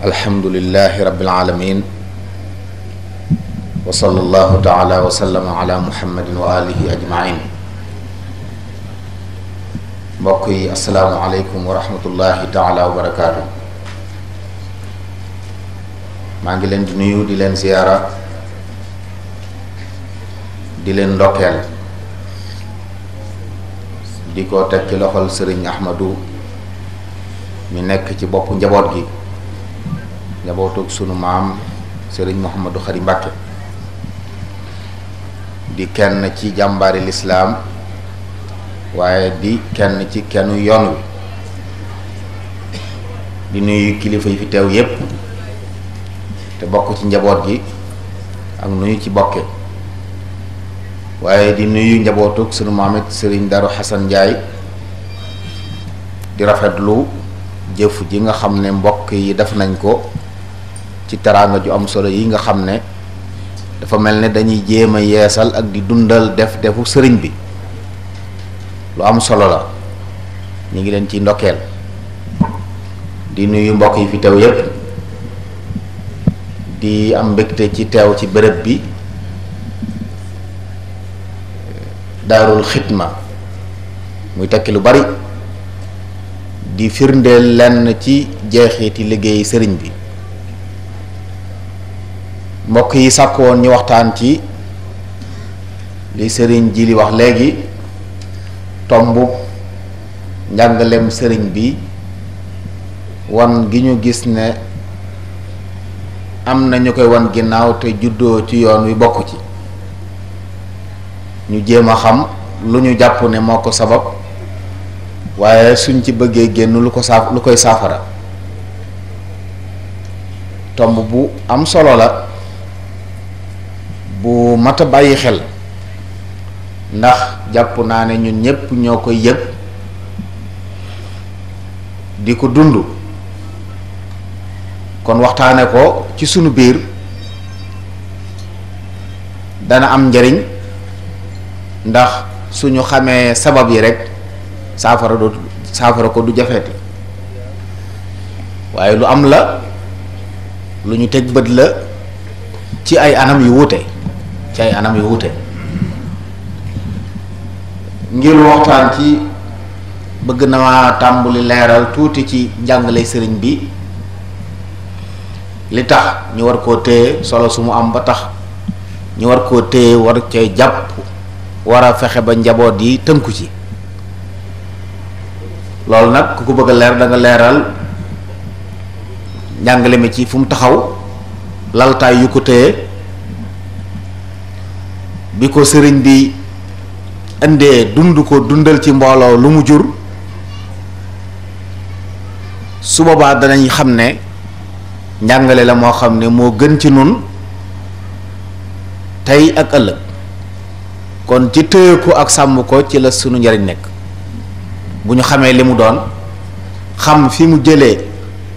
alhamdulilahi rabbil alamin wa sallallahu taala wa sallama ala muhammadin wa alihi ajmain mbokk yi asalaamualeykum wa rahmatullahi taala wa barakaatu maa ngi leen di nuyu di leen ziyaara di leen ndokkeel di ko teg ci loxol sëriñ ahmadu mi nekk ci bopp njaboot gi njabootug sunu maam sëriñ Mouhamadou Khary Mbacké di kenn ci jàmbaari lislaam waaye di kenn ci kennu yoon wi di nuyu kilifa yi fi teew yépp te bokk ci njaboot gi ak nuyu ci bokke waaye di nuyu njabootuk sunu maamet sëriñ Daru Xasan Njaay di rafetlu jëf ji nga xam ne mbokk yi def nañ ko ci teraanga ju am solo yi nga xam ne dafa mel ne dañuy jéem a yeesal ak di dundal def defu sëriñ bi lu am solo la ñu ngi leen ci ndokkeel di nuyu mbokk yi fi teew yépp di am mbégte ci teew ci bërëb bi daarul xidma muy tekki lu bari di firndeel lenn ci jeexiti liggéey sëriñ bi mbokk yi sàkk woon ñu waxtaan ci li sëriñ ji li wax léegi tombu njàngalem sëriñ bi wan gi ñu gis ne am na ñu koy wan ginnaaw te juddoo ci yoon wi bokk ci ñu jéem a xam lu ñu jàpp ne moo ko sabab waaye suñ ci bëggee génn lu ko saaf lu koy saafara tomb bu am solo la mat a bàyyi xel ndax jàpp naa ne ñun ñépp ñoo koy yëg di ko dund kon waxtaane ko ci sunu biir dana am njariñ ndax suñu xamee sabab yi rekk saafara ko du jafeeti waaye lu am la lu ñu teg bët la ci ay anam yu wuute ci ay anam yu wute ngir waxtaan ci bëgg na tàmbuli leeral tuuti ci njàngale sëriñ bi li tax ñu war koo téye solo su mu am ba tax ñu war koo téye war cay jàpp war fexe ba njaboot yi tënku ci loolu nag ku ko bëgg leer da leeral njàngale mi ci fu taxaw laltaay yu ko téye bi ko sëriñ bi indee dund ko dundal ci mbooloo lu mu jur su boobaa danañ xam ne njàngale la moo xam ne moo gën ci nun tey ak ëllëg kon ci téye ko ak sàmm ko ci la sunu njariñ nekk bu ñu xamee li mu doon xam fi mu jëlee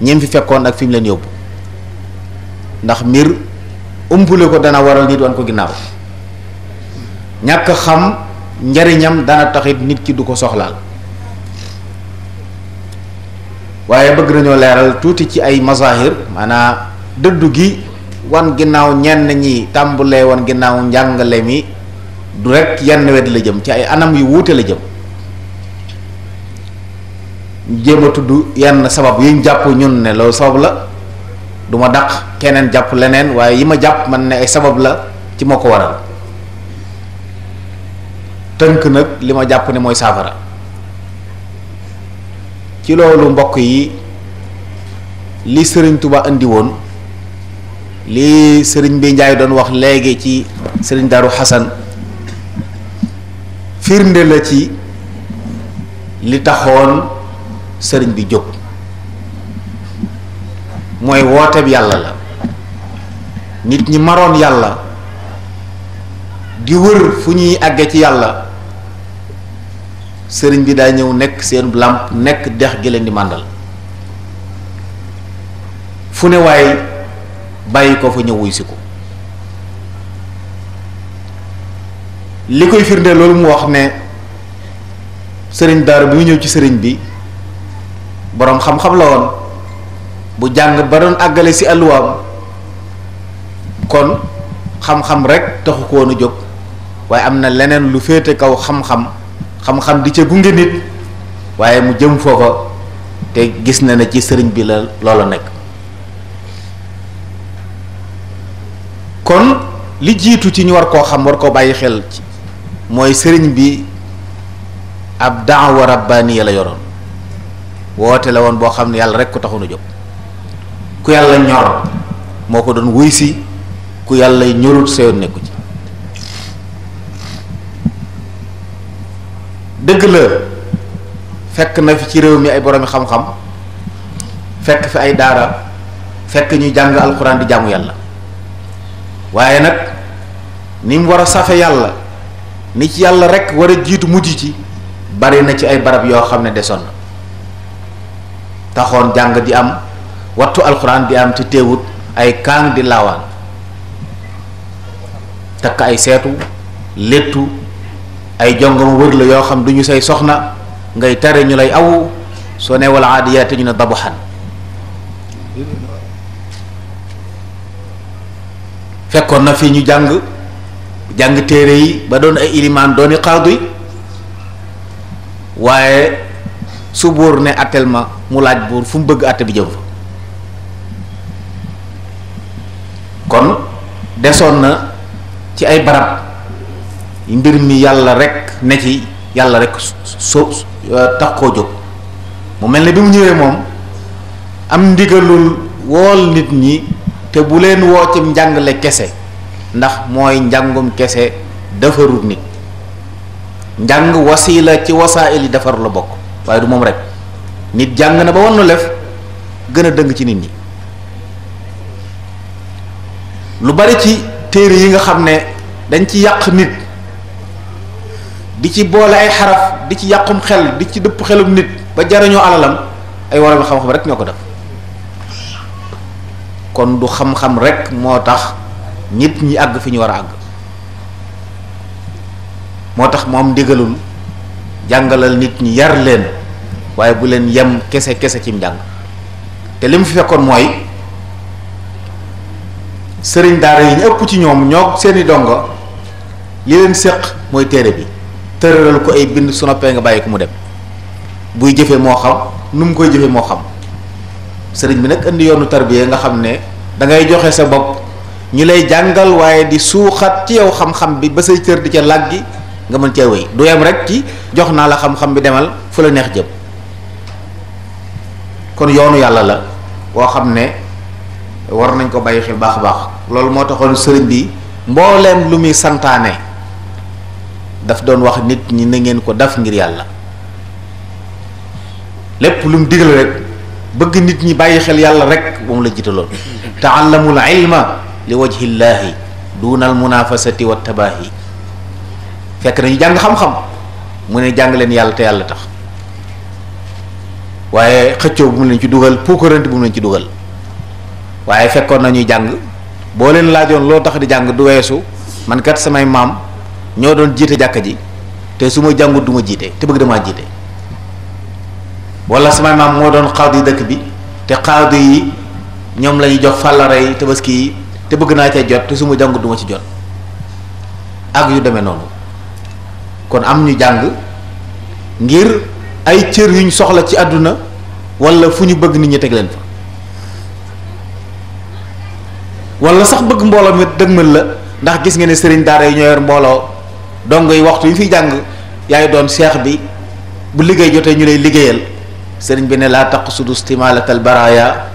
ñim fi fekkoon ak fi mu leen yóbbu ndax mbir umpule ko dana waral nit doon ko ginnaaw ñàkk xam njariñam dana taxit nit ki du ko soxlaal waaye bëgg nañoo leeral tuuti ci ay mazahir maanaam dëddu gi wan ginnaaw ñenn ñi tàmbulee wan ginnaaw njàngale mi du rekk yenn wet la jëm ci ay anam yu wuute la jëm jéem a tudd yenn sabab yiñ jàpp ñun ne loolu sabab la duma daq keneen jàpp leneen waaye yi ma jàpp man ne ay sabab la ci moo ko waral tënk nag li ma jàpp ne mooy saafara ci loolu mbokk yi li sëriñ Tuba indi woon li sëriñ bi Njaay doon wax léegi ci sëriñ Daaru Xasan firnde la ci li taxoon sëriñ bi jóg mooy wooteeb yàlla la nit ñi maroon yàlla di wër fu ñuy àgge ci yàlla sëriñ bi daa ñëw nekk seenu làmp nekk dex gi leen di màndal fu ne waaye bàyyi ko fa ñëw wuy si ko li koy firnde loolu mu wax ne sëriñ daar bi ñëw ci sëriñ bi boroom xam-xam la woon bu jàng ba doon àggale si alluwaam kon xam-xam rek taxu ko woon jóg waaye am na leneen lu féete kaw xam-xam xam-xam di ca gunge nit waaye mu jëm foofa te gis na ne ci sëriñ bi la loola nekk kon li jiitu ci ñu war koo xam war koo bàyyi xel mooy sëriñ bi ab daawa rabbaaniya la yoroon woote la woon boo xam ne yàlla rek ko taxoon a jóg ku yàlla ñor moo ko doon wuy si ku yàlla ñorut sa yoon nekku ci dëgg la fekk na fi ci réew mi ay boroomi xam-xam fekk fi ay daara fekk ñuy jàng alxuraan di jaamu yàlla waaye nag ni mu war a safe yàlla ni ci yàlla rekk war a jiitu mujj ci bari na ci ay barab yoo xam ne desoon na taxoon jàng di am wattu alxuraan di am ci teewut ay kaan di laawaan takk ay seetu léttu ay jongoma wër la yoo xam du ñu say soxna ngay tare ñu lay awu soo ne wala aadiyaati ñu ne dabuxan fekkoon na fi ñu jàng jàng téere yi ba doon ay ilimaan dooni xaadu waaye su buur ne attel ma mu laaj buur fu mu bëgg àtte bi jëm fa kon desoon na ci ay barab mbir mi yàlla rekk ne ci yàlla rekk so uh, tax koo jóg mu mel ni bi mu ñëwee moom am ndigalul wool nit ñi te bu leen woo ci njàngale kese ndax mooy njàngum kese defaru nit njàng wasiila ci wasaa'il yi defar la bokk waaye du moom rek nit jàng na ba wannu lef gën a dëng ci nit ñi lu bari ci téere yi nga xam ne dañ ci yàq nit di ci boole ay xaraf di ci yàqum xel di ci dëpp xelum nit ba jarañoo alalam ay waroom xam-xam rek ñoo ko def kon du xam-xam rek moo tax nit ñi àgg fi ñu war a àgg moo tax moom ndigalul jàngalal nit ñi yar leen waaye bu leen yem kese kese cim jàng te li mu fi fekkoon mooy sëriñ daara yi ñu ëpp ci ñoom ñoo seeni dongo li leen séq mooy téere bi tëralal ko ay bind su noppee nga bàyyi ko jëfee moo xam nu mu koy jëfee moo xam sëriñ bi nag indi yoonu tarbiya nga xam ne dangay joxe sa bopp ñu lay jàngal waaye di suuxat ci yow xam-xam bi ba say cër di ca làggi nga mën cee wéy du yem rek ci jox naa la xam-xam bi demal fu la neex jëm kon yoonu yàlla la woo xam ne war nañ ko bàyyi xel baax a baax loolu moo taxoon sëriñ bi mbooleem lu muy santaane. daf doon wax nit ñi ne ngeen ko daf ngir yàlla lépp lu mu digal rek bëgg nit ñi bàyyi xel yàlla rek ba mu la jiitaloon taallamul ilma li wajhillaahi duunal munafasati wa tabaahi fekk nañu jàng xam-xam mu ne jàng leen yàlla te yàlla tax waaye xëccoo bu mu leen ci dugal puukarante bu mu leen ci dugal waaye fekkoon nañuy jàng boo leen laajoon loo tax di jàng du weesu man kat samay maam ñoo doon jiite jàkka ji te su ma jàngut du jiite te bëgg damaa jiite wala sama maam moo doon xaadu dëkk bi te xaadu yi ñoom lañuy jox fàllare yi tabaski yi te bëgg naa cee jot te su ma jàngut du ci jot ak yu demee noonu kon am ñu jàng ngir ay cër yuñ soxla ci àdduna wala fu ñu bëgg nit ñi teg leen fa wala sax bëgg mbooloo mi dëgmal la ndax gis nga ne sëriñ daara yi ñoo yor mbooloo dongo yi waxtu yu fi jàng yaay doon seex bi bu liggéey jotee ñu lay liggéeyal sëriñ bi ne laa su taqsudu istimalatal baraya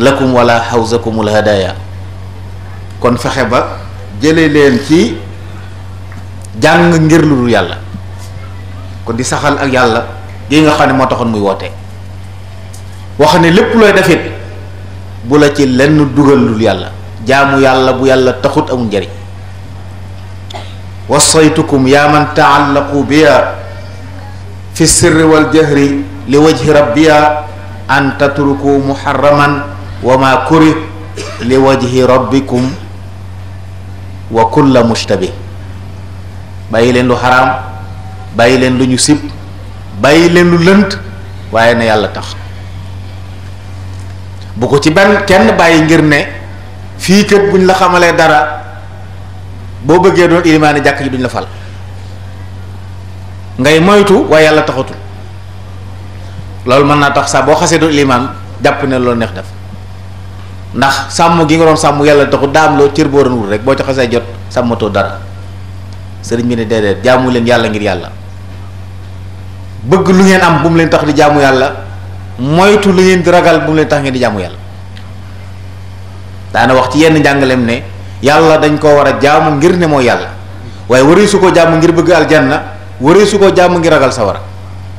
lakum wala hawzakumul hadaya kon fexe ba jële leen ci jàng ngir lu dul yàlla kon di saxal ak yàlla gi nga xam ne moo taxoon muy wootee wax ne lépp looy defit bu la ci lenn dugal lul yàlla jaamu yàlla bu yàlla taxut amul njariñ wasaytukum yaa man taallaqu biya fi sirri wal jahri li wajhi rabbiya an tatruku muharraman wa ma kuri li wajhi rabbikum wa kulla mushtabih bàyyi leen lu xaraam bàyyi leen lu ñu sib bàyyi leen lu lënt waaye na yàlla tax bu ko ci benn kenn bàyyi ngir ne fii kët buñ la xamalee dara boo bëggee doon ilimaani jàkk ji duñ la fal ngay moytu waaye yàlla taxatul loolu mën naa tax sax boo xasee doon ilimaan jàpp ne loolu neex def ndax sàmm gi nga doon sàmm yàlla taxut daam loo cër boo doon wut rek boo ci xasee jot sàmmatoo dara sëriñ bi ne déedéet jaamu leen yàlla ngir yàlla bëgg lu ngeen am bu mu leen tax di jaamu yàlla moytu lu ngeen di ragal bu mu leen tax ngeen di jaamu yàlla daana wax ci yenn njàngaleem ne yàlla dañ koo war a jaamu ngir ne moo yàlla waaye waree su ko jàmm ngir bëgg na waree su ko jàmm ngir ragal sawara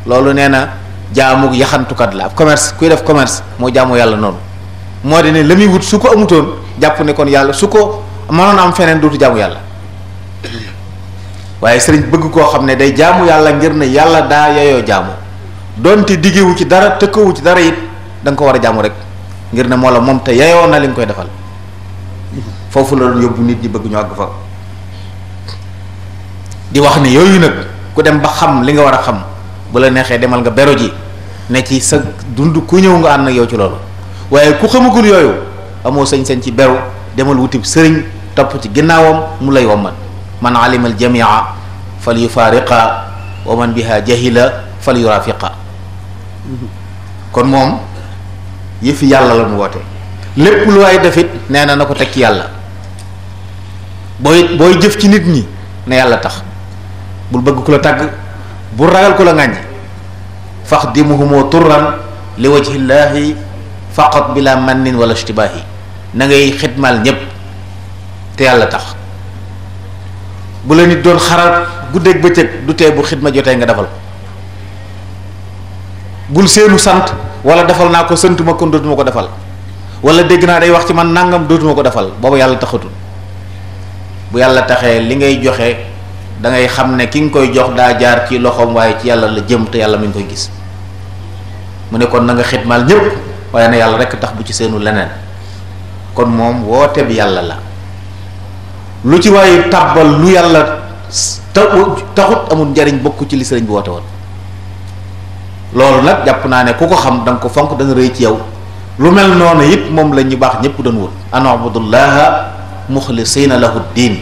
loolu nee na jaamu yaxantukat la ab commerce kuy def commerce moo jàmmoo yàlla noonu moo di ne la muy wut su ko amutoon jàpp ne kon yàlla su ko mënoon am feneen dootu jaamu yàlla waaye sëriñ bëgg koo xam ne day jaamu yàlla ngir ne yàlla daa yeyoo jaamu donte diggewu ci dara tëkkawu ci dara it da ko war a jàmm rek ngir ne moo la moom te yeyoo na li nga koy defal foofu la doon yóbbu nit ñi bëgg ñu àgg fa di wax ni yooyu nag ku dem ba xam li nga war a xam bu la neexee demal nga bero ji ne ci sa dund ku ñëw nga ànd ak yow ci loolu waaye ku xamagul yooyu amoo sëñ sañ ci beru demal wutib sëriñ topp ci ginnaawam mu lay wommat man alima al jamia fal yufaariqa wa man biha jahila fal yurafiqa kon moom yëfi yàlla la mu woote lépp lu waay defit nee na na ko teg ki yàlla booy booy jëf ci nit ñi ne yàlla tax bul bëgg ku la tàgg bul ragal ko la ŋàññ fax dimuhumoo turran li wajhillaahi faqat bila mannin wala ishtibaahi na ngay xidmaal ñépp te yàlla tax bu la nit doon xaral guddeeg bëccëg du tee bu xidma jotee nga defal bul seenu sant wala defal naa ko sant ma kon dootuma ko defal wala dégg naa day wax ci man nangam dootuma ko defal booba yàlla taxatul bu yàlla taxee li ngay joxe da ngay xam ne ki nga koy jox daa jaar ci loxoom waaye ci yàlla la jëm te yàlla mi ngi koy gis mu ne kon na nga xitmaal ñëpp waaye na yàlla rekk tax bu ci seenu leneen kon moom woote bi yàlla la lu ci waaye tàbbal lu yàlla taxut amul njariñ bokk ci li sëriñ bi woote woon loolu nag jàpp naa ne ku ko xam da ko fonk da rëy ci yow lu mel noonu it moom la ñu baax ñëpp doon wut an abudullaha muxlisina lahu diin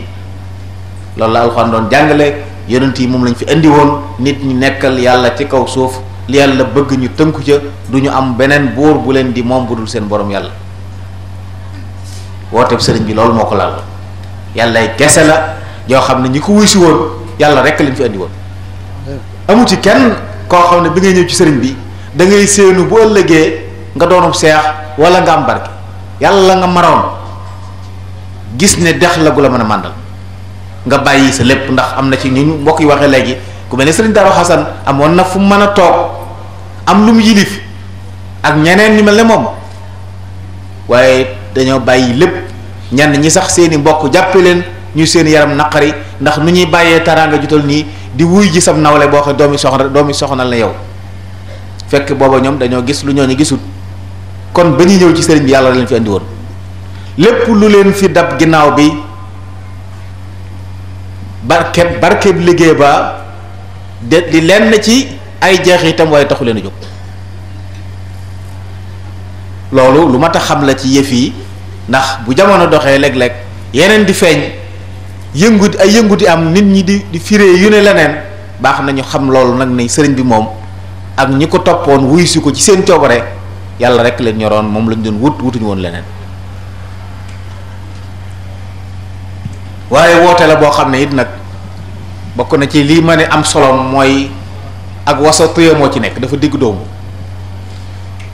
loolu la alxuraan doon jàngale yonent yi moom lañ fi indi woon nit ñi nekkal yàlla ci kaw suuf li yàlla bëgg ñu tënku ca du ñu am beneen buur bu leen di moom bu dul seen boroom yàlla wooteeb sëriñ bi loolu moo ko laal yàllay kese la yoo xam ne ñi ko wuy si woon yàlla rekk lañ fi indi woon amu ci kenn koo xam ne bi ngay ñëw ci sëriñ bi da ngay séenu bu ëllëgee nga doonub seex wala nga am barke yàlla nga maroon gis ne dex la gu la mën a màndal nga bàyyi sa lépp ndax am na ci ñu mbokk yi waxee léegi ku mel ne sëriñ Darou Xasan amoon na fu mën a toog am lu mu yilif ak ñeneen ñu mel ne moom waaye dañoo bàyyi lépp ñenn ñi sax seeni mbokk jàppe leen ñu seen yaram naqari ndax nu ñuy bàyyee taraanga jutal nii di wuy ji sam nawle boo xam doomi soxna doomi soxnal la yow fekk booba ñoom dañoo gis lu ñoo ñu gisul kon ba ñuy ñëw ci sëriñ bi yàlla leen fi andi woon lépp lu leen fi dab ginnaaw bi barkeb barkeb liggéey ba de di lenn ci ay jeexitam waaye taxu leen a jóg loolu lu ma a xam la ci yëf yi ndax bu jamono doxee léeg-léeg yeneen di feeñ yëngut ay yënguti am nit ñi di di fiire yu ne leneen baax nañu xam loolu nag ne sëriñ bi moom ak ñi ko toppoon wuy si ko ci seen coobare yàlla rek leen ñoroon moom lañ doon wut wutuñu woon leneen waaye woote la boo xam ne it nag bokk na ci lii ma ne am solo mooy ak wasatuye moo ci nekk dafa digg doomu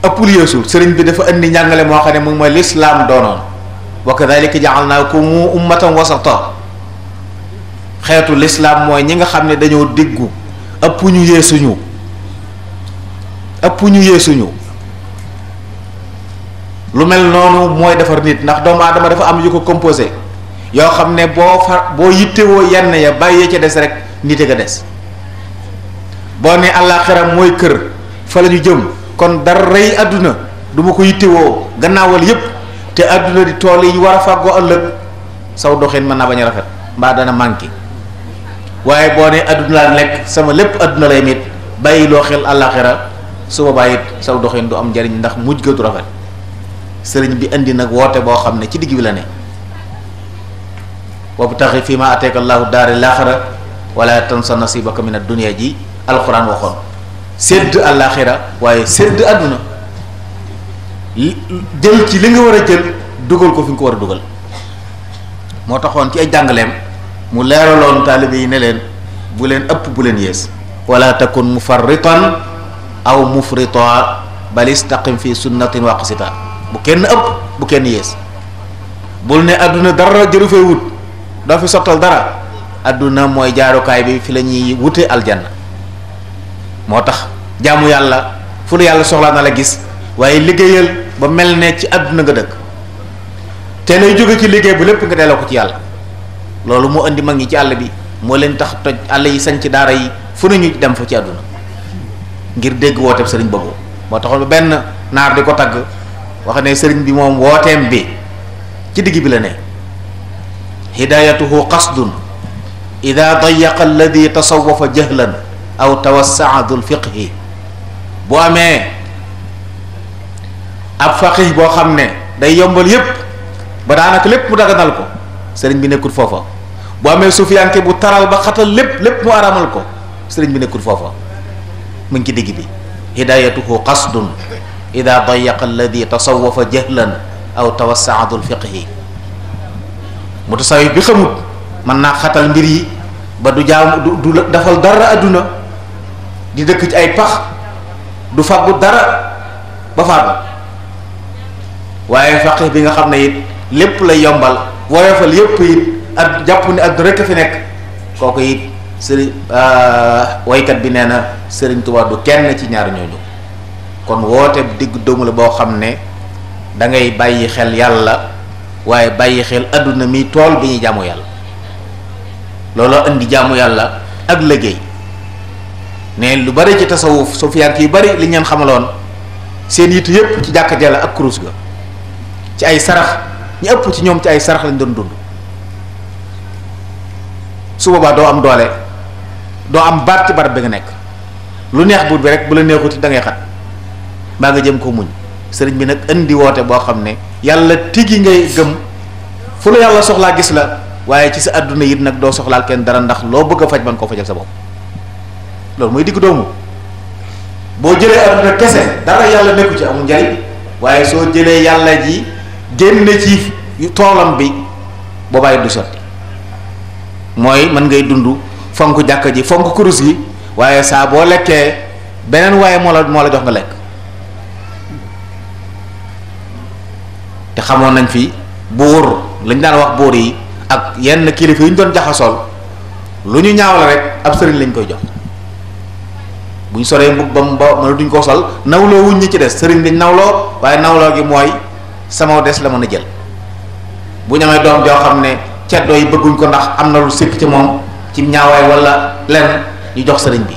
ëppul yeesul sëriñ bi dafa indi njàngale moo xam ne moom mooy lislaam doonoon wa ko ja'alnakum ummatan wasata xeetu lislaam mooy ñi nga xam ne dañoo diggu ëpp ñu yeesuñu ëpp ñu yeesuñu lu mel noonu mooy defar nit ndax doomu aadama dafa am yu ko composé yoo xam ne boo fa boo yittewoo yenn ya bàyyee ca des rek nite ga des boo ne àllaaxira mooy kër fa la ñu jëm kon dara rëy àdduna duma ma ko yittewoo gannaawal yépp te àdduna di tool yi ñu war a fàggoo ëllëg saw doxin mën naa bañ a rafet mbaa dana manqué waaye boo ne àdduna laa lekk sama lépp àdduna lay mit bàyyi loo xel àllaaxira su boobaa it saw doxin du am njariñ ndax mujj ga du rafet sëriñ bi indi nag woote boo xam ne ci digg bi la ne wabtaxi fii ma ateeka allahu daari laaxira wala tansa nasibaka min addunia ji alquran waxoon sédd àllaaxira waaye sédd àdduna jël ci li nga war a jël dugal ko fi nga ko war a dugal moo taxoon ci ay jàngaleem mu leeraloon taalibe yi ne leen bu leen ëpp bu leen yées wala takun mufarritan aw mufrita bal istaqim fi sunnatin waqsita bu kenn ëpp bu kenn yées bul ne àdduna dara jëru fee wut doo fi sottal dara àdduna mooy jaarukaay bi fi la ñuy wute aljanna moo tax jaamu yàlla fu la yàlla soxlaa na la gis waaye liggéeyal ba mel ne ci àdduna nga dëkk te lay jóge ci liggéey bi lépp nga delloo ko ci yàlla loolu moo indi mag ñi ci àll bi moo leen tax toj àll yi sañ ci daara yi fu nañu dem fa ci àdduna ngir dégg wooteem sëriñ boobu moo taxoon benn naar di ko tagg wax ne sëriñ bi moom wooteem bi ci digg bi la ne hidayatuhu qasdun ida dayaqa alladi tasawafa jahlan aw tawassaa dul fiqhi bu amee ab faqih boo xam ne day yombal yépp ba daanaka lépp mu daganal ko sëriñ bi nekkul foofa bu amee suufiyanke bu taral ba xatal lépp lépp mu aramal ko sëriñ bi nekkul foofa mu ngi ci digg bi hidayatuhu qasdun ida dayaqa alladi tasawafa jahlan aw tawassaa dul fiqhi mutasawif bi xamut mën naa xatal mbir yi ba du jaam du defal dafal dara adduna di dëkk ci ay pax du fàggu dara ba fàggu waaye faqih bi nga xam ne it lépp lay yombal woyofal yépp yit ak jàpp ni adduna rekk a fi nekk kooku it sëriñ euh, woykat bi nee na sëriñ Tuubaa du kenn ci ñaar ñooñu kon woote digg doomu la boo xam ne da ngay bàyyi xel yàlla waaye bàyyi xel àdduna mi tool bi ñuy jaamu yàlla looloo indi jàmm yàlla ak liggéey ne lu bari ci tasawuf sufiyaan yu bari li ñeen xamaloon seen yitu yépp ci jàkka jàlla ak kurus ga ci ay sarax ñu ëpp ci ñoom ci ay sarax lañ doon dund su boobaa doo am doole doo am baat ci barab bi nga nekk lu neex buur bi rek bu la neexuti da ngay xat maa nga jëm ko muñ sëriñ bi nag indi woote boo xam ne yàlla tigi ngay gëm fu la yàlla soxlaa gis la waaye ci sa àdduna yit nag doo soxlaal kenn dara ndax loo bëgg faj man koo fajal sa bopp loolu muy digg doomu boo jëlee àdduna kese dara yàlla nekku ci amul njariñ waaye soo jëlee yàlla ji génn ci toolam bi boobaay du sotti mooy mën ngay dund fonk jàkk ji fonk kurus gi waaye saa boo lekkee beneen waaye moo la moo la jox nga lekk te xamoon nañ fi buur lañ daan wax buur yi ak yenn kilifa yu ñu doon jaxasool lu ñu ñaawal rek ab sëriñ lañ koy jox buñ ñu soree mbub bam ba mën duñ ko sol nawloo wuñ ñi ci des sëriñ lañ nawloo waaye nawloo gi mooy sama des la mën a jël bu ñu amee doom joo xam ne ceddo yi bëgguñ ko ndax am na lu sikk ci moom ci ñaawaay wala lenn ñu jox sëriñ bi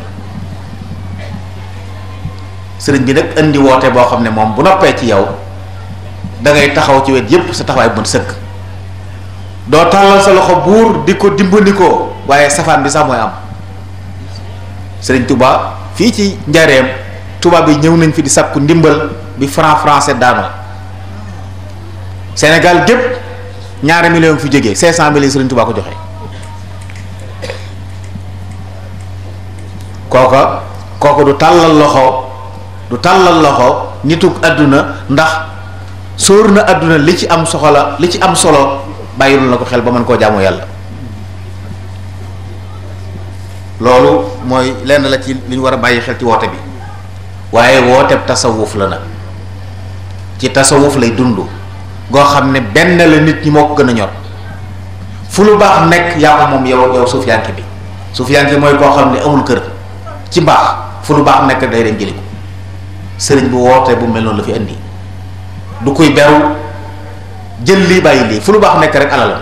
sëriñ bi nag indi woote boo xam ne moom bu noppee ci yow da ngay taxaw ci wet yépp sa taxawaay bu mën sëkk doo tàllal sa loxo buur di ko dimbandikoo waaye safaan bi sax mooy am Sëriñ Touba fii ci njareem tubaab bi ñëw nañ fi di sàkku ndimbal bi franc français daanoo Sénégal gépp ñaari million fi jógee cinq cent mille Sëriñ Touba ko joxe kooka kooka du tàllal loxo du tàllal loxo nituk àdduna ndax sóor na àdduna li ci am la li ci am solo bàyyilul na ko xel ba mën koo jaamu yàlla loolu mooy lenn la ci li ñu war a bàyyi xel ci woote bi waaye woote tasawuf la nag ci tasawuf lay dund goo xam ne benn la nit ñi moo ko gën a ñor fu lu baax nekk yaa ko moom yow yow suufiyanke bi suufiyanke mooy koo xam ne amul kër ci mbaax fu lu baax nekk day dem jëli ko sëriñ bu wootee bu mel noonu la fi indi du koy beru jël lii bàyyi lii fu lu baax nekk rek alal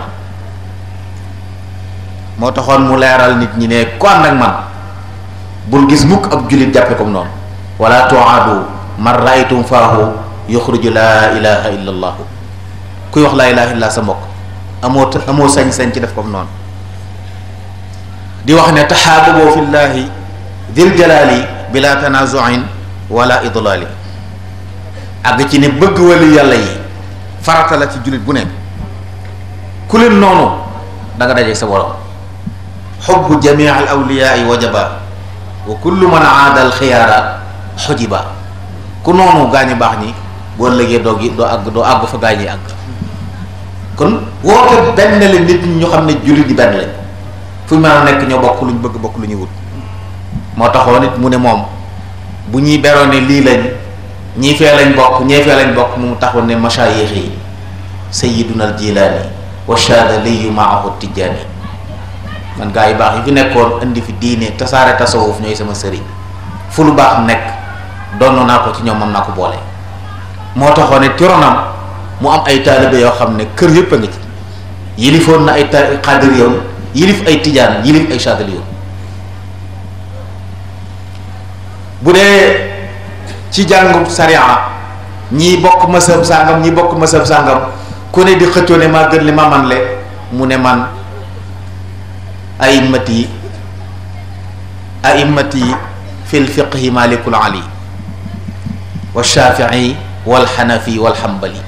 moo taxoon mu leeral nit ñi ne ko ànd ak man bul gis mukk ab jullit jàppe comme noonu wala tuaadu man raaytum faahu yuxruju laa ilaha illa allaahu laa sa mbokk amoo amoo sañ-sañ ci def comme noonu di wax ne taxaababoo fi llaahi dil jalaali bila tanazuin idlaali àgg ci ne bëgg wali yàlla yi farata ci jullit bu nekk ku leen noonu da daje sa borom xubbu jamii al awliyaa yi wajaba wa kullu man aada al xiyaara xujiba ku noonu gaañu baax ni boo lëgee doo gi doo àgg doo àgg fa gaañi àgg kon woote benn la nit ñu xam ne jullit yi benn lañ fu ñu mën nekk ñoo bokk lu ñu bëgg bokk lu ñu wut moo taxoon it mu ne moom bu ñuy beroo ne lii lañ ñii fee lañ bokk ñee fee lañ bokk mu taxoon ne mashayix yi sayiduna al jilaani wa shaadaliyu maahu tijjaani man gaa yi baax yi fi nekkoon indi fi diine tasaare tasawuf ñooy sama sëriñ fu lu baax nekk donn naa ko ci ñoom mën naa ko boole moo taxoon ne tironam mu am ay taalibe yoo xam ne kër yëpp a ngi ci yilifoon na ay ta- xaadiriyoon yilif ay tijaan yilif ay shaadaliyoon bu dee ci jàngum sariya ñii bokk masab sàngam ñii bokk masab sàngam ku ne di xëccoo ne maa gën li ma man le mu ne man aimmat yi aimmat yi fil fiqhi malikul ali wa shafii wal xanafi wal xambali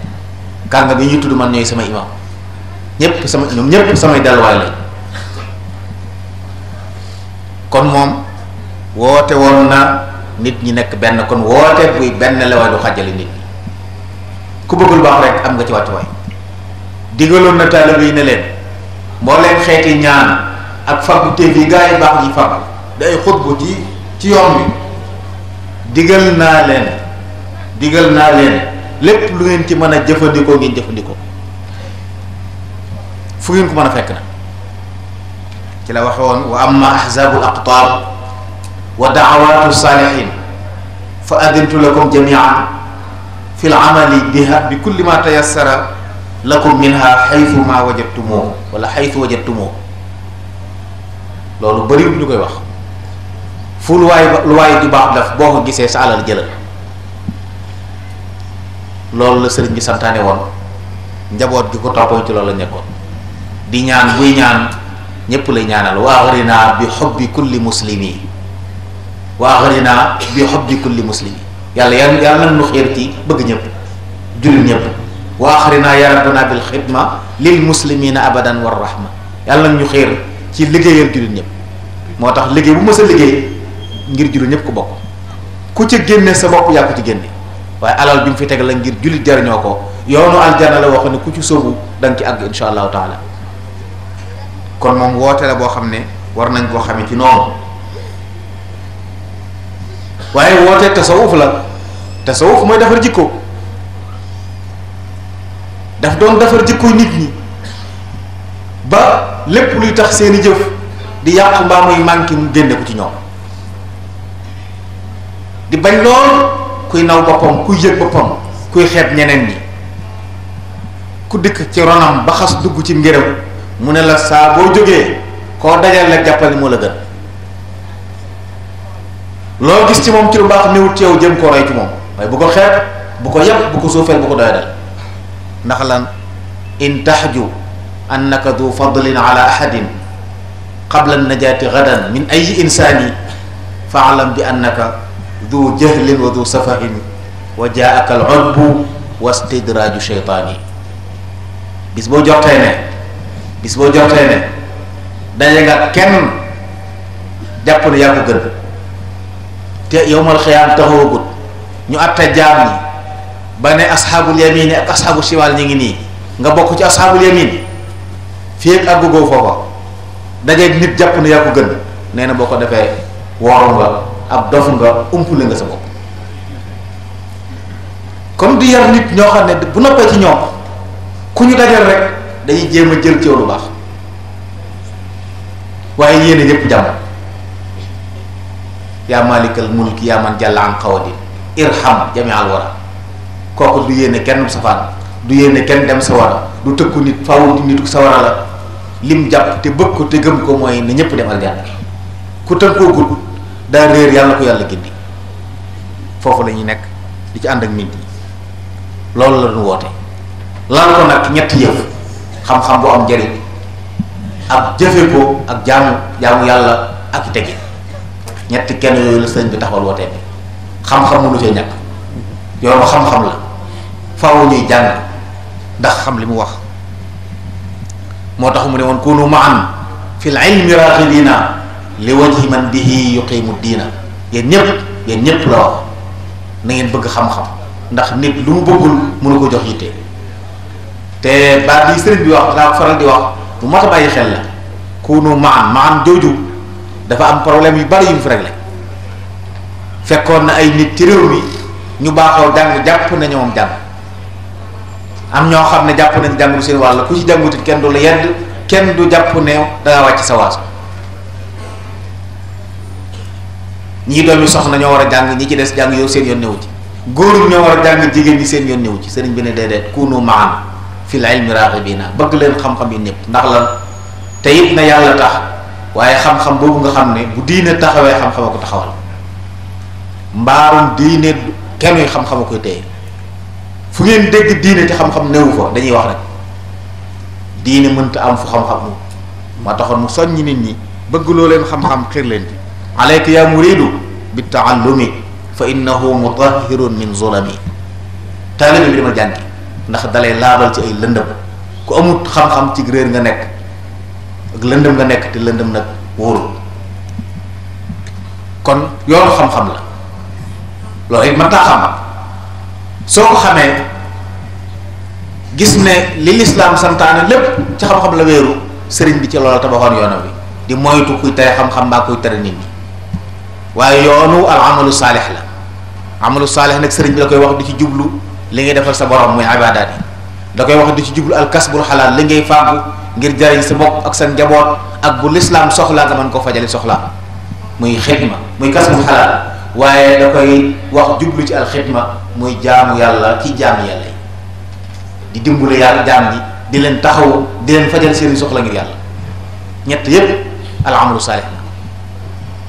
kànga bi ñuy tudd man ñooy sama imam ñépp sama ñoom samay dalwaay kon moom woote woon na nit ñi nekk benn kon woote buy benn la waaye du xajale nit ku bëggul baax rekk am nga ci wàccuwaay digaloon na taalibe yi ne leen mbooleem xeeti ñaan ak faggu téef yi gaa yi baax yi fabal day xutbu ci ci yoon bi digal naa leen digal naa leen lépp lu ngeen ci mën a jëfandikoo ngeen jëfandikoo fu ngeen ko mën a fekk na ci la wax woon wa amma ahzabul aqtaar wa daawaatu saalihin fa adintu lakum jamian fi lamali bi kulli ma tayassara lakum minha xaytu ma wajadtumoo wala xaytu wajadtumoo loolu bëriwul ñu koy wax fu lu waay lu baax daf boo ko gisee sa alal jëlal loolu la sëriñ bi santaane woon njaboot gi ko toppoon ci loolu la nekkoon di ñaan buy ñaan ñépp lay ñaanal wa axrina bi xubbi kulli muslimi wa aghnina bi hubbi kulli muslimin yàlla yàlla yàlla nag nu xiir ci bëgg ñëpp jullit ñëpp wa akhrina ya rabbana bil xidma lil muslimina abadan war rahma yàlla nag ñu xiir ci liggéeyal jullit ñëpp moo tax liggéey bu mës a liggéey ngir jullit ñëpp ko bokk ku ci génne sa bopp yaa ko ci génne waaye alal bi mu fi teg la ngir jullit jariñoo ko yoonu aljana la wax ne ku ci soowu da ci àgg insha allah taala kon moom woote la boo xam ne war nañ koo xamee ci noonu waaye woote tasawuf la tasawuf mooy defar jikko daf doon defar jikko nit ñi ba lépp luy tax seeni jëf di yàqu mbaa muy manqué mu génne ko ci ñoom di bañ lool kuy naw boppam kuy yëg boppam kuy xeeb ñeneen ñi ku dikk ci ronam ba xas dugg ci ngéréw mu ne la saa boo jógee koo dajal la jàppal moo la gën loo gis ci moom ci lu baax néewut ci yow jëm koo roy ci moom waaye bu ko xeeb bu ko yàq bu ko suufeel bu ko doy dal ndax lan in taxju annaka du fadlin ala ahadin qabla najaati gadan min ayi insaani bi annaka du jahlin wa du safahin bis boo joxtee ne bis boo daje nga kenn jàpp ne yaa gën te yowmal xiyaam taxawagut ñu àtte jaam ñi ba ne asxaabul yamin ak asxaabu siwaal ñi ngi nii nga bokk ci asxaabul yamin fii ak àggugoo foofa dajeeg nit jàpp ne yaa ko gën nee na boo ko defee wooru nga ab dof nga umpule nga sa bopp comme di yar nit ñoo xam ne bu noppee ci ñoom ku ñu dajal rek dañuy jéem a jël ci lu baax waaye yéene ñëpp jàmm yaa maalikal mulki yaa man jàll an xawadi irham jami al kooku du yéene kenn safaan du yéene kenn dem sawara du tëkku nit faawu nit ku sawara la lim jàpp te bëgg ko te gëm ko mooy na ñëpp dem aljanna ku tënkoo gudd daa réer yàlla ko yàlla gindi foofu la nekk di ci ànd ak nit loolu la ñu woote lan ko nag ñetti yëf xam-xam bu am njëriñ ak jëfe ko ak jaamu jaamu yàlla ak tege ñetti kenn yooyu la sëñ bi taxawal wootee bi xam-xam mënu cee ñàkk yoonu xam-xam la faaw ñuy jàng ndax xam li mu wax moo tax mu ne woon kunu ma'an fil ilmi raghibina li wajhi man bihi yuqimu diina yéen ñëpp yéen ñëpp la wax na ngeen bëgg xam-xam ndax nit lu mu bëggul mënu ko jox yitte te baat yi sëriñ bi wax daa faral di wax bu ma a bàyyi xel la kunu ma'an ma'an jooju dafa am problème yu bari yu mu fi fekkoon na ay nit ci réew ñu baaxoo jàng jàpp na ñoom jàng am ñoo xam ne jàpp nañ jàngul seen wàll ku ci jàngutit kenn du la yedd kenn du jàpp ne danga wàcc sa waaso ñii doomi soxna ñoo war a jàng ñi ci des jàng yow seen yoon newu ci góor ñoo war a jàng jigéen ñi seen yoon newu ci sëriñ bi ne déedéet kunu maan fil ilmi raghibina bëgg leen xam-xam yi ñëpp ndax lan te it na yàlla tax waaye xam-xam boobu nga xam ne bu diine taxawee xam-xam a ko taxawal mbaarum diine kenn xam-xam a koy fu ngeen dégg diine ci xam-xam newu fa dañuy wax rek diine mënta am fu xam-xam moom moo taxoon mu soññ nit ñi bëgg loo leen xam-xam xir leen ci alayka yaa muridu bi taallumi fa innahu mutahirun min zulami taalibe bi dama jàngi ndax dalay laabal ci ay lëndëm ku amut xam-xam ci réer nga nekk ak lëndëm nga nekk te lëndëm nag wóorul kon yoonu xam-xam la loolu it mën taa soo ko xamee gis ne li lislaam santaane lépp ci xam-xam la wéeru sëriñ bi ci loola tabaxoon yoonam wi di moytu kuy tere xam-xam mbaa kuy tere nit ñi waaye yoonu al amalu saalix la amalu saalix nag sëriñ bi da koy wax di ci jublu li ngay defal sa borom muy ibaadaat yi da koy wax di ci jublu al kasbul xalaat li ngay fàggu ngir jariñ sa bopp ak seen njaboot ak bu lislaam soxlaa nga mën koo fajale soxlaa muy xidma muy kasbu xalaal waaye da koy wax jublu ci alxidma muy jaamu yàlla ci jaamu yàlla yi di dimbale yàlla jaam ji di leen taxaw di leen fajal seen soxla ngir yàlla ñett yépp al amalu saalih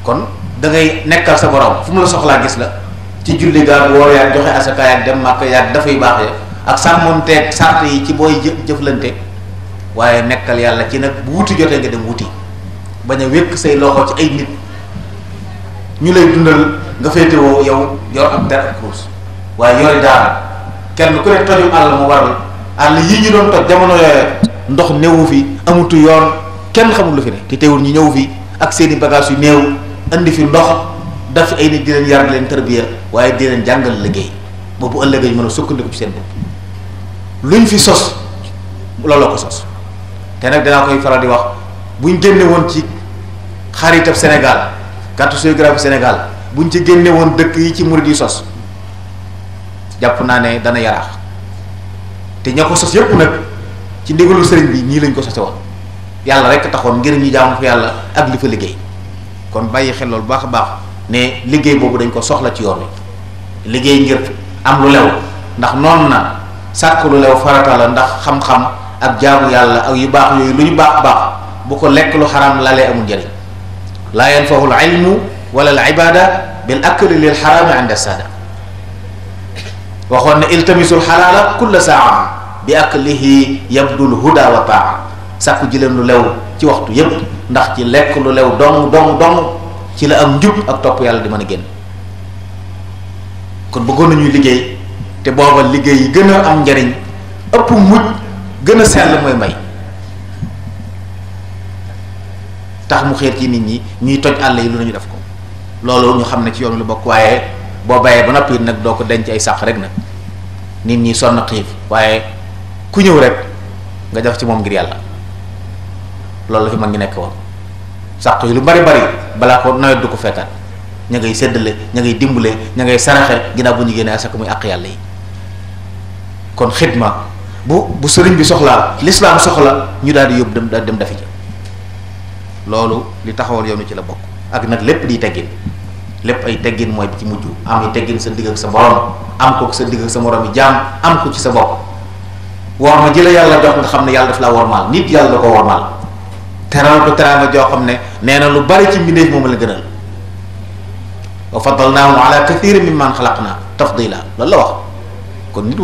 kon da nekkal sa borom fu mu la soxlaa gis la ci julli gaa woor yaag joxe asaka yaag dem màkk yaag dafay baax ya ak sàmmoonteeg sart yi ci booy jëflante waaye nekkal yàlla ci nag bu wuti jotee nga dem wuti bañ a wékk say loxo ci ay nit ñu lay dundal nga féetewoo yow yor ab der ak kurus waaye yori daara kenn ku ne tojum àll mu waral àll yi ñu doon toj jamono yooye ndox newu fi amutu yoon kenn xamul lu fi ne te teewul ñu ñëw fi ak seeni bagage yu néew indi fi ndox daf ay nit di leen yar di leen tarbiya waaye di leen jàngal liggéey boobu ëllëgee ñu mën a sukkandiku ci seen bopp luñ fi sos te nag danaa koy faral di wax buñ génne woon ci xaritab Sénégal carte géographique Sénégal buñ ci génne woon dëkk yi ci murid yi sos jàpp naa ne dana yaraax te ña ko sos yépp nag ci ndigalu sëriñ bi ñii lañ ko sose woon yàlla rek taxoon ngir ñi jaamu yàlla ak li fa liggéey kon bàyyi xel loolu baax a baax ne liggéey boobu dañ ko soxla ci yoon liggéey ngir am lu lew ndax noonu na sàkk lu lew farata ndax xam-xam ak jaamu yàlla ak yu baax yooyu lu ñu baax baax bu ko lekk lu xaraam lalee amul njëriñ laa yanfahu l ilmu wala al ibada bil akli lil xaraami ànd saada waxoon ne iltamisul xalaala kulla saa bi aklihi yabdul huda wa taa sàkku lu lew ci waxtu yépp ndax ci lekk lu lew dong dong dong ci la am njub ak topp yàlla di mën a génn kon bëggoon nañuy liggéey te booba liggéey yi gën a am njariñ ëpp mujj gën a sell mooy mbay tax mu xeer ci nit ñi ñuy toj àll yi lu nañu def ko loolu ñu xam ne ci yoon lu bokk waaye boo bayee ba noppi nag doo ko denc ay sàq rek nag nit ñi sonn xiif waaye ku ñëw rek nga def ci moom ngir yàlla loolu la fi mag ñi nekk woon sàq yi lu bari bari balaa ko nawet du ko fekkaat ña ngay séddale ña ngay dimbale ña ngay saraxe ginnaaw bu ñu génnee asaka muy àq yàlla yi kon xidma bu bu sëriñ bi soxlaa lislaam soxla ñu daal di yóbbu dem daal dem dafi loolu li taxawal yoonu ci la bokk ak nag lépp di teggin lépp ay teggin mooy bi ci mujj am yi teggin sa digg ak sa borom am ko sa digg ak sa morom yi jaam am ko ci sa bopp war ma jëla yàlla jox nga xam ne yàlla daf laa wormaal nit yàlla da ko wormaal teral ko teraanga joo xam ne nee na lu bari ci mbindeef moom la gënal wa faddalnaahu ala kathirin mimman xalaqna tafdila loolu la wax kon nit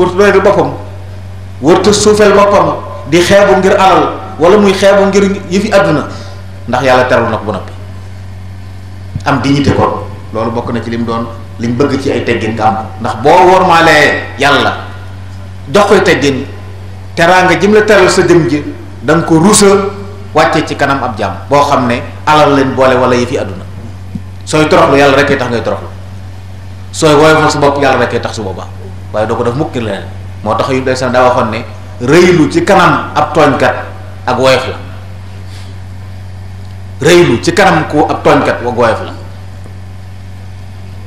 wërta suufeel boppam di xeebu ngir alal wala muy xeebu ngir yëfi àdduna ndax yàlla teral na ko bu noppi am dignité kon loolu bokk na ci lim doon liñ bëgg ci ay teggin nga ndax boo wormaalee yàlla jox koy teggin nga jëm la teral sa jëm ji da ko rusa wàccee ci kanam ab jàmm boo xam ne alal leen boole wala yëfi àdduna sooy toroxlu yàlla rek koy tax ngay toroxlu sooy woyofal sa bopp yàlla rek tax su boobaa waaye doo ko def mukk leneen moo tax yu day sax daa waxoon ne rëylu ci kanam ab tooñkat ak woyof la ci kanam ku ab tooñkat ak woyof la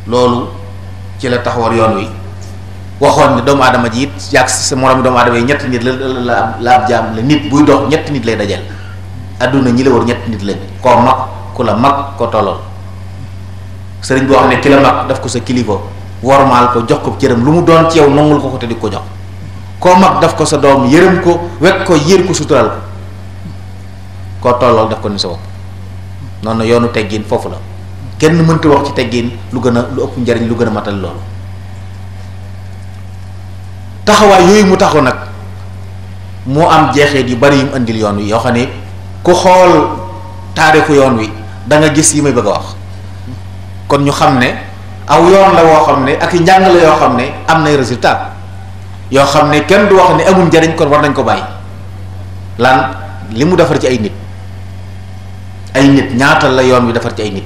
loolu ci la taxawal yoon wi waxoon ne doomu aadama ji it yàgg sa moroom doomu aadama yi ñetti nit la la la ab jaam la nit buy dox ñetti nit lay dajal adduna ñi la war ñetti nit lañ koo mag ku la mag ko tollool sëriñ boo xam ne ki la mag daf ko sa kilifa wormaal ko jox ko cëram lu mu doon ci yow nongul ko ko te di ko jox koo mag daf ko sa doom yërëm ko wekk ko yër ko sutural ko koo tollool daf ko ni sa bopp noonu yoonu teggin foofu la kenn mënta wax ci teggin lu gën a lu ëpp njariñ lu gën a matal loolu taxawaay yooyu mu taxaw nag moo am jeexeet yu bari yu mu indil yoon wi yoo xam ne ku xool taarixu yoon wi da gis yi may bëgg a wax kon ñu xam ne aw yoon la woo xam ne ak i njàng la yoo xam ne am nay résultat yoo xam ne kenn du wax ne amul njariñ kon war nañ ko bàyyi lan li mu defar ci ay nit ay nit ñaatal la yoon wi defar ci ay nit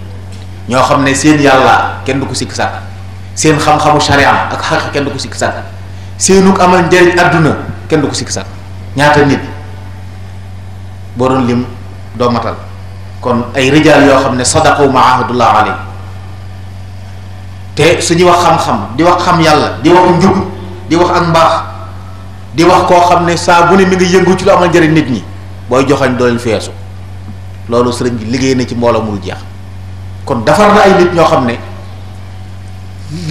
ñoo xam ne seen yàlla kenn du ko sikk sàkk seen xam-xamu sharia ak xaq du ko sikk sàkk seenug amal njariñ àdduna kenn du ko sikk sàkk ñaata nit boo doon lim doo matal kon ay rijaal yoo xam ne sadaqu ma ahadullah alayhi te suñuy wax xam-xam di wax xam yàlla di wax njub di wax ak mbaax di wax koo xam ne saa bu ne mi ngi yëngu ci lu amal njëriñ nit ñi booy joxañ doo leen feesu loolu sëriñ bi liggéey na ci mbooloo mu jeex kon defar na ay nit ñoo xam ne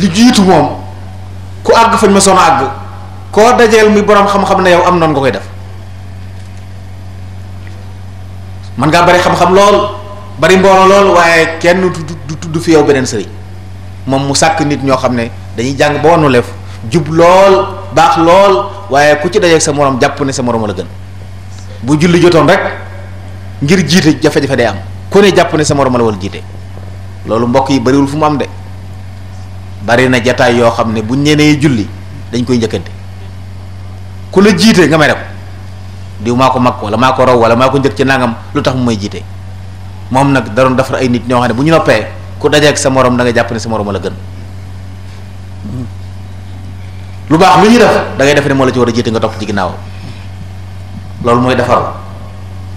li jiitu moom ku àgg fañ ma soon àgg koo dajeel mi boroom xam-xam ne yow am noonu nga koy def man ngaa bari xam-xam lool bari mbooloo lool waaye kenn du tudd fi yow beneen sëriñ moom mu sàkk nit ñoo xam ne dañuy jàng ba wanu lef jub lool baax lool waaye ku ci dajeeg sa morom jàpp ne sa morom la gën bu julli jotoon rek ngir jiite jafe-jafe day am ku ne jàpp ne sa morom la wal jiite loolu mbokk yi bariwul fu mu am de bari na jataay yoo xam ne bu ñenee julli dañ koy njëkkante ku la jiite nga mere ko diw maa ko mag wala maa ko raw wala maa ko njëkk ci nangam lu tax mu may jiite moom nag daroon defar ay nit ñoo xam ne bu ñu noppee ku dajeeg sa morom da nga jàpp ne sa morom la gën lu baax lu ñu def da ngay def ne moo la ci war a jiite nga topp ci ginnaaw loolu mooy defaru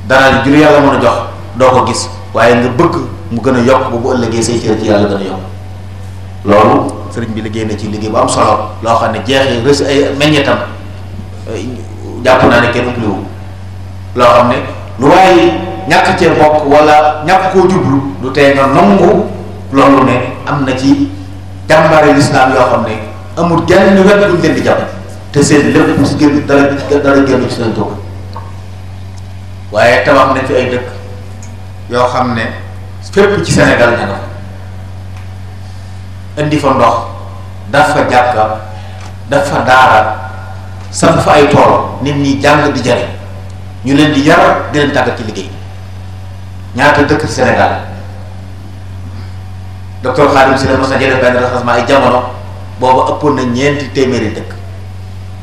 dara ju lu yàlla mën a jox doo ko gis waaye nga bëgg mu gën a yokk ba bu ëllëgee say cër ci yàlla gën a yokk sëriñ bi liggéey na ci liggéey bu am solo loo xam ne jeexee rës ay meññetam jàpp naa ne kenn upliwu loo xam ne lu waaye ñàkk cee bokk wala ñàkk koo jublu du tee nga nangu loolu ne am na ci jàmbare lislaam yoo xam ne amul genn wet bu ñu leen di jàpp te seen lépp bu si génn dara dara génn ci seen waaye tabax nañ fi ay dëkk yoo xam ne fépp ci senegal ña nga indi fa ndox dafa fa dafa daf fa fa ay tool nit ñi jàng di jare ñu leen di yar di leen tàggat liggéey ñaata dëkk ci Sénégal docteur Khadim si la mos ay jamono booba ëppoon na ñeenti téeméeri dëkk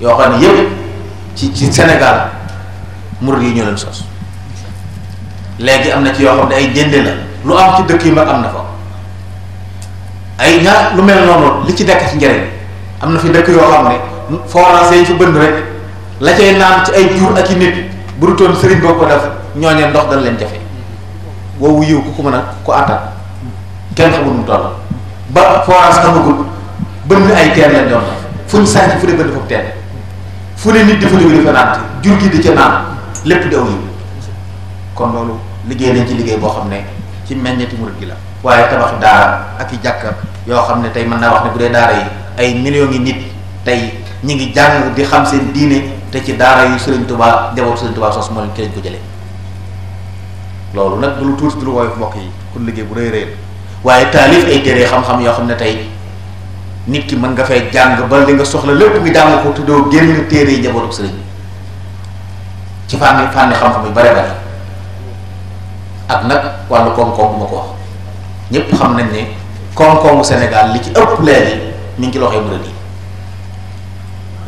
yoo xam ne yëpp ci ci Sénégal murid yi ñoo leen sos léegi am na ci yoo xam ne ay njënd la lu am ci dëkk yi mag am na fa ay ñaar lu mel noonu li ci nekk ci njëriñ am na fi dëkk yoo xam ne forage yi fi bënd rek la cay naan ci ay jur ak i nit bu dutoon sëriñ boo ko def ñooñee ndox dana leen jafe woowu yiw ku ko mën a ku àttan kenn xamul mu ba forage amagul. bënn ay teen lañ doon fu ñu sànc fu ne bënn foofu teen fu ne nit dafa dugg dafa naan jur gi di ca naan lépp di aw yi kon loolu liggéey nañ ci liggéey boo xam ne ci meññeti murit gi la waaye tabax daara ak i jàkka yoo xam ne tey mën naa wax ne bu dee yi ay millions yi nit tey ñi ngi jàng di xam seen diine te ci daara yu Sëriñ Tuubaa njaboot Sëriñ Tuubaa sos moo leen loolu nag du lu yi kon liggéey bu waaye taalif ay téere xam-xam yoo xam ne tey nit ki mën nga fay jàng ba li nga soxla lépp nga jàng ko tuddoo génn téere yi njabootu sëriñ bi ci fànni fànni xam-xam yu bare bare ak nag wàllu koom-koom bu ma ko wax ñëpp xam nañ ne koom-koomu Sénégal li ci ëpp léegi ñu ngi ci loxoy murid yi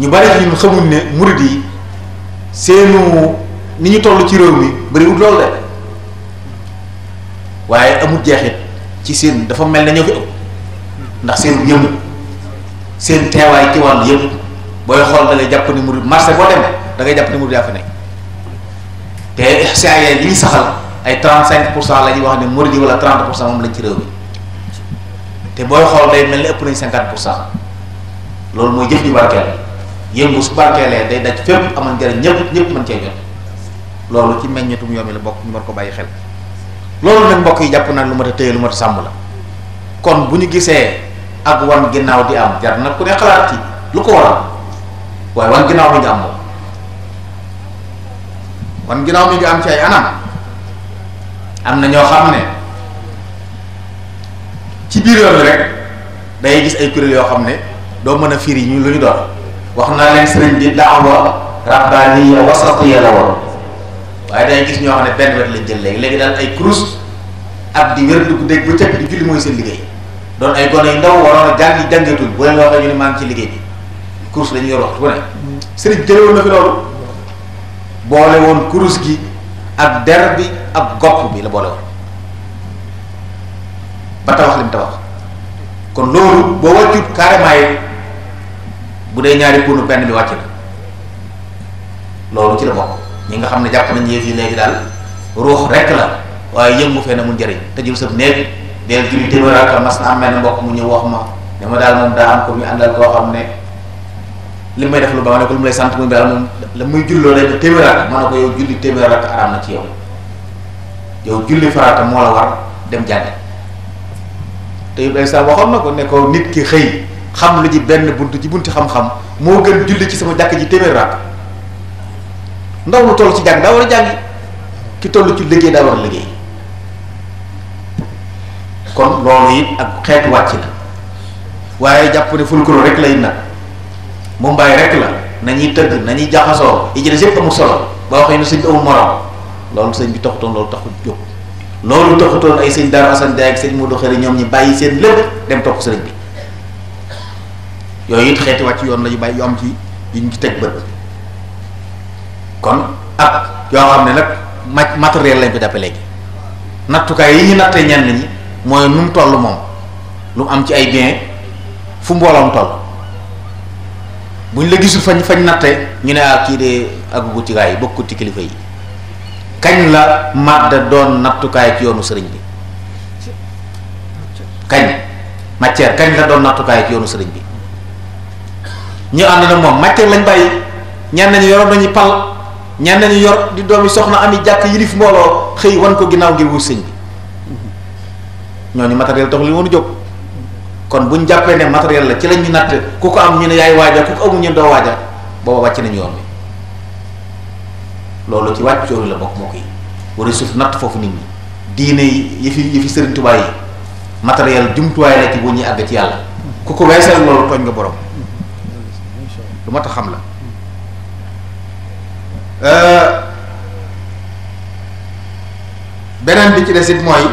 ñu bari ci ñun xamul ne murid yi seenu ni ñu toll ci réew mi bëriwul loolu de waaye amul jeexit ci seen dafa mel ne ñoo fi ëpp ndax seen yëngu. seen teewaay ci wàll yëpp booy xool da ngay jàpp ni murid marché boo dem da ngay jàpp ni murid yaa fa nekk te ihsaaya yi saxal ay 35 pour cent la ñuy wax ne murid yi wala 30 pour cent moom lañ ci réew mi te booy xool day mel ni ëpp nañ 50 pour cent loolu mooy jëf ju barkeel yëngu su barkeelee day daj fépp amal njëriñ ñëpp ñëpp mën cee jot loolu ci meññetum yoon mi la bokk ñu war ko bàyyi xel loolu nag mbokk yi jàpp naa lu mat a téye lu mat la kon bu ñu gisee. ak wan ginnaaw di am jar na ku ne xalaat ci lu ko waral waaye wan ginnaaw mi ngi am moom wan ginnaaw mi ngi am ci ay anam am na ñoo xam ne ci biir yoon rek day gis ay kuréel yoo xam ne doo mën a firi ñu lu ñu doon wax naa leen sëriñ bi daawa rabbaniya wasatiya la woon waaye day gis ñoo xam ne benn wet lañ jël léegi léegi daal ay kurus ak di wér dugg dégg ba cëkk di julli mooy seen liggéey doon ay gone yu ndaw waroon a jàngi jàngeetul bu leen waxee ñu ne maa ngi ci liggéey bi course dañu yor waxtu bu ne sëriñ jële na fi loolu boole woon course gi ak der bi ak gopp bi la boole woon ba tabax kon loolu boo wàccut carrément bu dee ñaari punu benn bi wàcc na loolu ci la bokk ñi nga xam ne jàpp nañ yëf yi léegi daal ruux rekk la waaye yëngu fee na mun njëriñ tëjul sa néeg deel julli téeméer ak mas na am mel mbokk mu ñëw wax ma ne ma daal moom daa am ko mu àndal koo xam ne li may def lu baax ne ko lu mu lay sant mu daal moom la muy julloo lay téeméer ak ma ne ko yow na ci yow yow moo la dem jànde te Ibrahima sax waxoon na ko ne nit ki xëy xam lu ji benn bunt ci bunti xam-xam moo gën julli ci sama jàkk ji téeméer ak ndaw lu toll ci jàng daa war a jàngi ki toll ci liggéey daa war a liggéey kon loolu it ak xeetu wàcc la waaye jàpp ne fulkuro rek lay nag mumbaay rek la nañuy tëgg nañuy jaxasoo yi jëlee yëpp amul solo ba waxee ne sëñ amul morom loolu sëñ bi taxutoon loolu taxut jóg loolu taxutoon ay sëñ Darou Assane Ndiaye ak sëñ Modou Xëri ñoom ñi bàyyi seen lépp dem topp sëriñ bi yooyu it xeeti wàcc yoon la yu bàyyi yu am ci yuñ ci teg bët kon ak yoo xam ne nag matériel lañ ko jàppe léegi nattukaay yi ñu nattee ñenn ñi. mooy nu mu toll moom lu mu am ci ay bien fu mbooloom toll buñ la gisul fañ fañ natte ñu ne ah kii de agugu ci yi bokkut ci kilifa yi kañ la màdd doon nattukaay ci yoonu sëriñ bi kañ matière kañ la doon nattukaay ci yoonu sëriñ bi ñu ànd na moom matière lañ bàyyi ñenn nañu yoroon nañu pal ñenn nañu yor di doomi soxna ami jàkk yilif mbooloo xëy wan ko ginnaaw ngir wuy sëñ bi ñooñu matériel taxul li woon jóg kon buñ jàppee ne matériel la ci lañ ñu natt ku ko am ñu ne yaay waaja ku ko amul ñu ne doo waaja booba wàcc nañu yoon bi loolu ci wàcc coono la bokk mook koy war suuf natt foofu nit ñi diine yi yëfi yëfi sëriñ Tuubaa yi matériel jumtuwaay la ci bu ñuy àgg ci yàlla ku ko weesal loolu tooñ nga borom lu ma tax xam la euh, beneen bi ci des it mooy.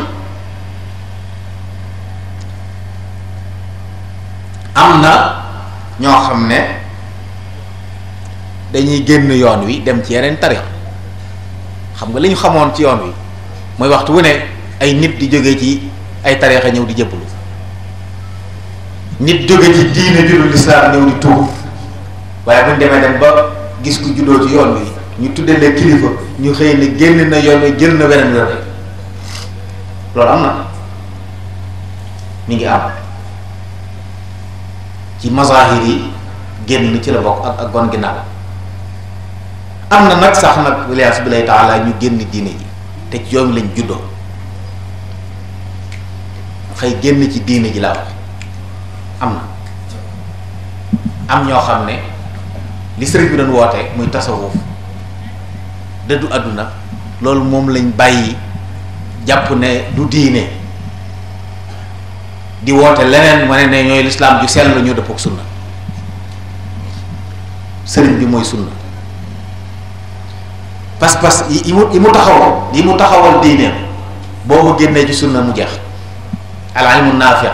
am na ñoo xam ne dañuy génn yoon wi dem ci yeneen tarix xam nga li ñu xamoon ci yoon wi mooy waxtu wu ne ay nit di jóge ci ay tarixa ñëw di jëbbalu nit jóge ci diine ju dul ñëw di tuub waaye buñ demee dem ba gis ku juddoo ci yoon wi ñu tuddee ne kilifa ñu xëy ne génn na yoon wi jël na weneen yoon loolu am na mi ngi am ci mazahir yi génn ci la bokk ak ak gi ginnaaw am na nag sax nag lias bi lay taala ñu génn diine ji te ci yooyu lañ juddoo xëy génn ci diine ji laa wax am na am ñoo xam ne li sëriñ bi doon woote muy tasawuf dëddu àdduna loolu moom lañ bàyyi jàpp ne du diine di woote leneen ma ne ne ñooy lislaam ju sell la ñoo dëpp ak sunna sëriñ bi mooy sunna pas-pas yi mu yi mu taxawal yi mu taxawal diineem boo ko génnee ci sunna mu jeex al ilmu naafi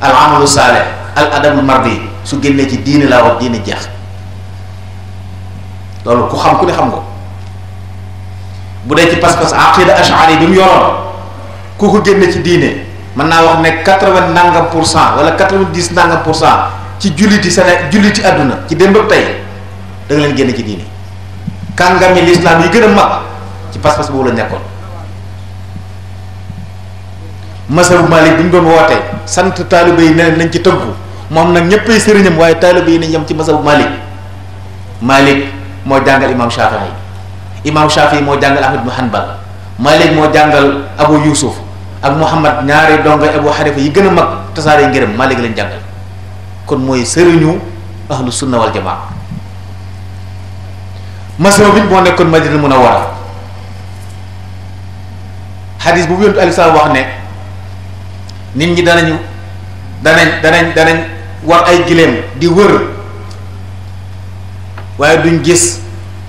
al amalu saalih al adabul mardi su génnee ci diine laa wax diine jeex loolu ku xam ku ne xam ko bu dee ci pas-pas aqida ashari bi mu yoroon ku ko génne ci diine man naa wax ne quatre-vingt nangam pour cent wala quatre-vingt-dix nangam pour cent ci julliti Sénégal julliti àdduna ci démb ak tey da nga leen génn ci diini kàngami lislaam yi gën a mag ci pas-pas boobu la nekkoon masabu Malik bi ñu doon wootee sant taalibe yi ne nañ ci tëggu moom nag ñëppay sëriñam waaye taalibe yi nañ yem ci masabu Malik Malik moo jàngal imam Shafi'i imam Shafi'i moo jàngal Ahmad ibn Hanbal Malik moo jàngal Abu Yusuf ak Muhammad ñaari dongo Abu Hanifa yi gën a mag tasaare ngërëm Maalik leen jàngal kon mooy sëriñu ahlu sunna wal jamaa maçon bi moo nekkoon Madina a xadis bu yontu alisa wax ne nit ñi danañu danañ danañ danañ war ay gileem di wër waaye duñ gis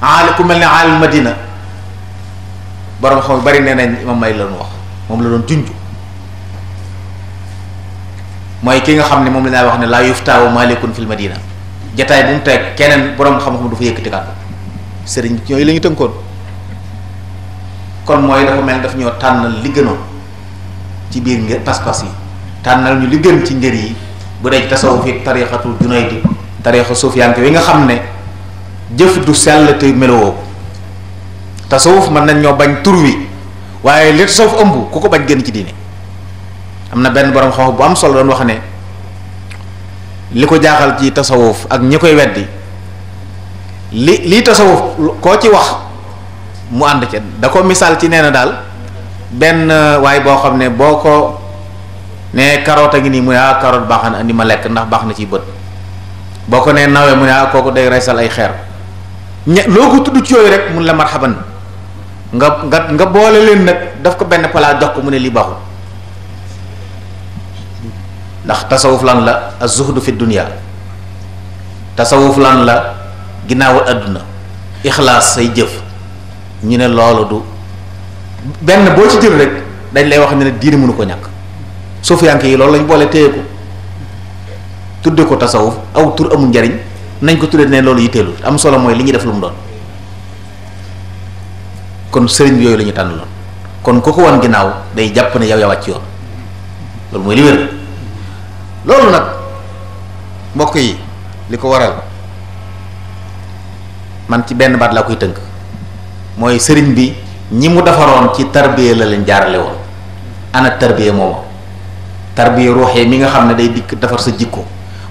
aal ku mel ni aal Madina borom xam bari nee nañ imam may lañu wax moom la doon junj mooy ki nga xam ne moom la naa wax ne laa yuftaawu maalikun fil madina jataay bu mu teg keneen borom xam-xam dafa yëkkati kàddu sëriñ bi ñooyu la ñu kon mooy dafa mel daf ñoo tànnal li gënoon ci biir ngir pas-pas yi tànnal ñu li gën ci ngër yi bu dee tasawuf yi tariixatul junaydi tariixa suufiyanke wi nga xam ne jëf du sell te melowoo tasawuf mën nañ ñoo bañ tur wi waaye li tasawuf ëmb ku ko bañ génn ci diine am na benn borom xaw bu am solo doon wax ne li ko jaaxal ci tasawuf ak ñi koy weddi li lii tasawuf koo ci wax mu ànd ca da ko misaal ci nee na daal benn waaye boo xam ne boo ko ne carotte a ngi nii mu ne ah carotte baax na andi ma lekk ndax baax na ci bët boo ko nee nawee mu ne ah kooku day reysal ay xeer ña loo ko tudd ci yooyu rek mun la marhaban nga nga nga boole leen nag daf ko benn palaas jox ko mu ne lii baaxul ndax tasawuf lan la az-zuhdu fi dunya tasawuf lan la ginnaaw àdduna ixlaas say jëf ñu ne loolu du benn boo ci jël rek dañ lay wax ne ne diine mënu ko ñàkk sufiyanke yi loolu lañ boole téye ko tudde ko tasawuf aw tur amul njariñ nañ ko tudde ne loolu yitteelul am solo mooy li ñuy def lu mu doon kon sëriñ bi yooyu lañuy ñu tànn loon kon ku ko wan ginnaaw day jàpp ne yow yaa wàcc yoon loolu mooy li wér loolu nag mbokk yi li ko waral man ci benn baat laa koy tënk mooy sëriñ bi ñi mu defaroon ci tarbiya la leen jaarale woon ana tarbiya mooma tarbiya ruuxee mi nga xam ne day dikk defar sa jikko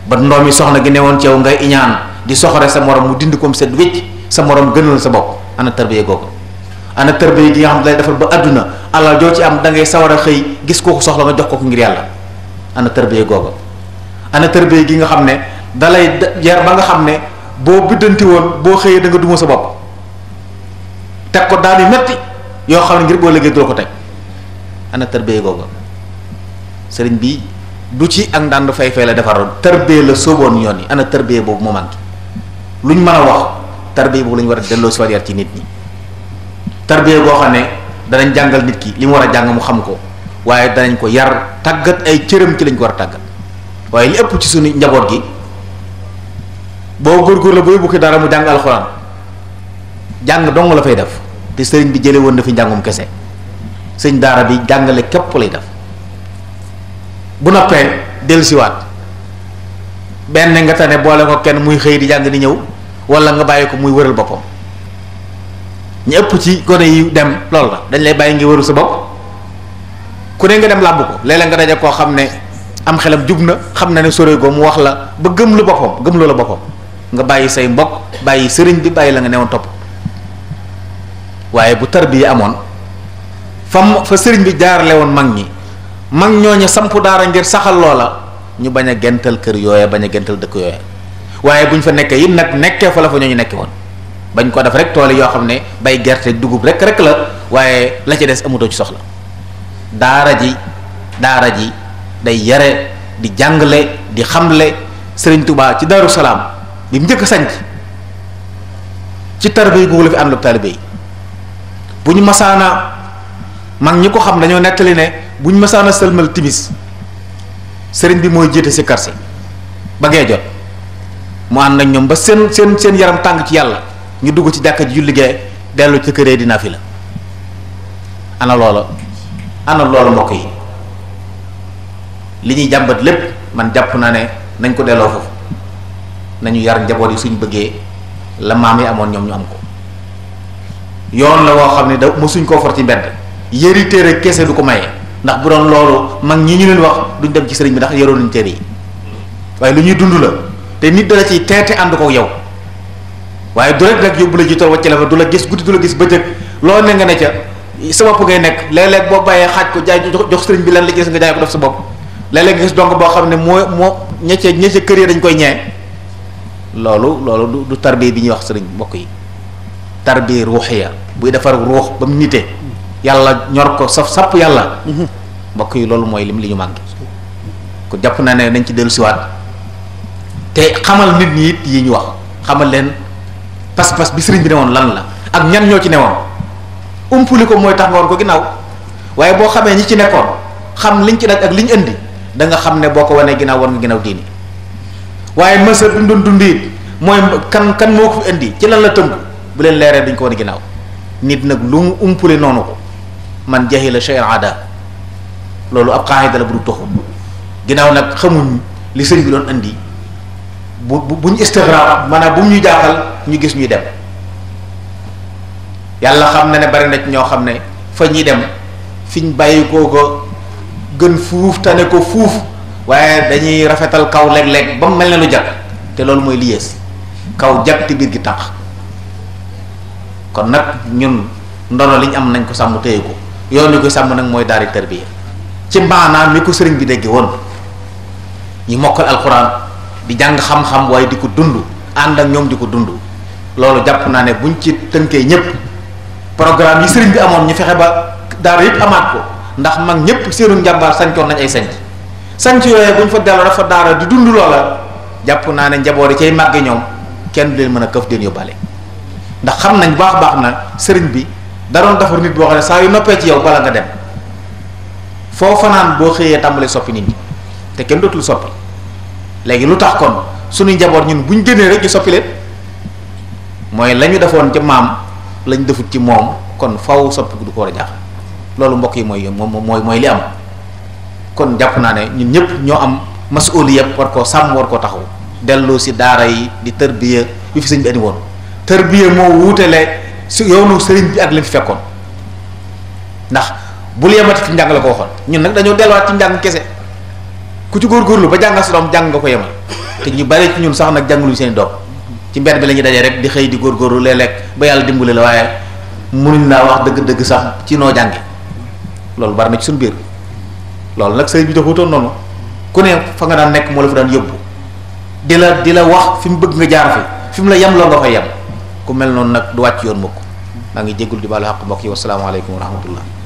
ba ndoom ndoomi soxna gi newoon ci yow ngay iñaan di soxore sa moroom mu dindi koom set wécc sa morom gënal sa bopp ana tarbiya googu ana tërbiya gi nga xam ne lay defal ba àdduna alal joo ci am dangay ngay sawar a xëy gis kooku soxla nga jox ko ko ngir yàlla ana tërbiya googa ana tërbiya gi nga xam ne da lay yar ba nga xam ne boo biddanti woon boo xëyee danga nga duma sa bopp teg ko daan yu metti yoo xam ne ngir boo liggéey doo ko teg ana tërbiya googa sëriñ bi du ci ak ndànd fay fay la defaroon tërbiya la sóoboon yoon yi ana tërbiya boobu moo lu ñu mën a wax tërbiya boobu la war a delloo si waat ci nit ñi tarbiya goo xam ne danañ jàngal nit ki li mu war a jàng mu xam ko waaye danañ ko yar tàggat ay cëram ci lañ ko war a tàggat waaye li ëpp ci suñu njaboot gi boo góorgóor la booy bukki dara mu jàng alxuraan jàng dong la fay def te sëriñ bi jële woon na fi njàngum kese sëñ daara bi jàngale képp lay def bu noppee siwaat benn nga ne boole ko kenn muy xëy di jàng di ñëw wala nga bàyyi ko muy wëral boppam ñu ëpp ci gone yi dem loolu la dañ lay bàyyi ngi waru sa bopp ku ne nga dem làmb ko léeg nga daje koo xam ne am xelam jub na xam na ne sorego mu wax la ba gëm lu boppam gëm la boppam nga bàyyi say mbokk bàyyi sëriñ bi bàyyi la nga newoon topp waaye bu tarbiya amoon fam fa sëriñ bi jaarale woon mag ñi mag ñooñu samp daara ngir saxal loola ñu bañ a gental kër yooya bañ a gental dëkk yooya waaye bu ñu fa nekkee yit nag nekkee fa la fa ñooñu ñu woon bañ koo def rek toole yoo xam ne bay gerte dugub rekk rek la waaye la ci des amutoo ci soxla daara ji daara ji day yare di jàngale di xamle Sëriñ Tuubaa ci Daaru Salaam bi mu njëkk a sanc ci tarbiya googu la fi ànd ak taalibe yi mag ñi ko xam dañoo nettali ne buñ ñu masaana sëlmal timis sëriñ bi mooy jiite si karsi ba gee jot mu ànd nañ ñoom ba seen seen seen yaram tàng ci yàlla ñu dugg ci jàkka ji julli gee dellu ci këree di nafila ana loola ana loola mbokk yi li ñuy jàmbat lépp man jàpp naa ne nañ ko delloo foofu nañu yar njaboot yi suñ bëggee la maam yi amoon ñoom ñu am ko yoon la woo xam ne da suñ koo for ci mbedd yëri téere kese du ko maye ndax bu doon loolu mag ñii ñu leen wax duñ dem ci sëriñ bi ndax yoroon nañ téere yi waaye lu ñuy dund la te nit dala ciy teete ànd ko yow waaye du rek nag yóbbu la ci tool wàcc la du la gis guddi du la gis bëccëg loolu ne nga ne ca sa bopp ngay nekk léeg-léeg boo bàyyee xaaj ko jaay jox sëriñ bi lan la ci des nga jaay ko def sa bopp léeg gis donc boo xam ne moo moo ñecce ñecce kër yi dañ koy ñee loolu loolu du tarbiya bi ñuy wax sëriñ mbokk yi tarbiya ruuxiya buy defar ruux ba mu nite yàlla ñor ko saf sapp yàlla mbokk yi loolu mooy lim li ñu manqué ko jàpp na ne nañ ci dellusiwaat te xamal nit ñi yi ñu wax xamal leen pas-pas bi sëriñ bi woon lan la ak ñan ñoo ci newoon umpuli ko mooy tax nga woon ko ginnaaw waaye boo xamee ñi ci nekkoon xam liñ ci daj ak liñ indi danga xam ne boo ko wanee ginnaaw war nga ginnaaw diini waaye mësër bi doon dund it mooy kan kan moo ko fi indi ci lan la tënk bu leen leeree duñ ko wane ginnaaw nit nag lu mu noonu ko man jahila shay'an ada loolu ab xaaxida la bu du toxu ginnaaw nag xamuñ li sëriñ bi doon indi bu bu buñ istigraam maanaam bu mu ñu jaaxal ñu gis ñuy dem yàlla xam na ne bari na ñoo xam ne fa ñuy dem fiñ bàyyi koo ko gën fuuf tane ko fuuf waaye dañuy rafetal kaw léeg-léeg ba mel ne lu jag te loolu mooy li yées kaw jag te biir gi tànq kon nag ñun ndono liñ am nañ ko sàmm téye ko yoon wi ko sàmm nag mooy daari tarbiya ci maanaam mi ko sëriñ bi dégg woon ñi mokkal alxuraan. di jàng xam-xam waaye di ko dund ànd ak ñoom di ko dund loolu jàpp naa ne bu buñ ci tënkee ñëpp programme yi sëriñ bi amoon ñu fexe ba daara yëpp amaat ko ndax mag ñëpp seenu njàmbaar sancoon nañ ay sanc sanc yooyu buñ fa delloo dafa daara di dund loola jàpp naa ne njaboot yi cay màgge ñoom kenn du leen mën a këf den yóbbaale ndax xam nañ baax baax na sëriñ bi daroon doon defar nit boo xam ne saa yu noppee ci yow bala nga dem foo fanaan boo xëyee tàmbali soppi nit ñi kenn dootul soppi léegi lu tax kon suñu njaboot ñun buñ génnee rek ñu soppi leen mooy la defoon ca maam lañ defut ci moom kon faw soppi du ko war a jaaxal loolu mbokk yi mooy moom mooy mooy li am kon jàpp naa ne ñun ñëpp ñoo am mas masuuli yëpp war koo sàmm war koo taxaw delloo si daara yi di tërbiya yu fi sëñ bi andi tërbiya moo wuutele su yoonu sëriñ bi ak li fi fekkoon ndax bul yemati ci njàng la ko waxoon ñun nag dañoo delluwaat ci njàng kese ku ci góorgóorlu ba jàngal sa doom jàng nga ko yam te ñu bari ci ñun sax nag jàngaluñ seen doom ci mbedd bi la ñuy dajee rek di xëy di góorgóorlu léeg-léeg ba yàlla dimbale la waaye mënuñ naa wax dëgg-dëgg sax ci noo jànge loolu bari na ci suñu biir loolu nag sëriñ bi noonu ku ne fa nga daan nekk moo la fa daan yóbbu di la di la wax fi mu bëgg nga jaar fi fi mu la yem loo nga fay yem ku mel noonu nag du wàcc yoon mukk maa ngi jéggul di baalu xaq mbokk yi wasalaamaaleykum wa rahmatullah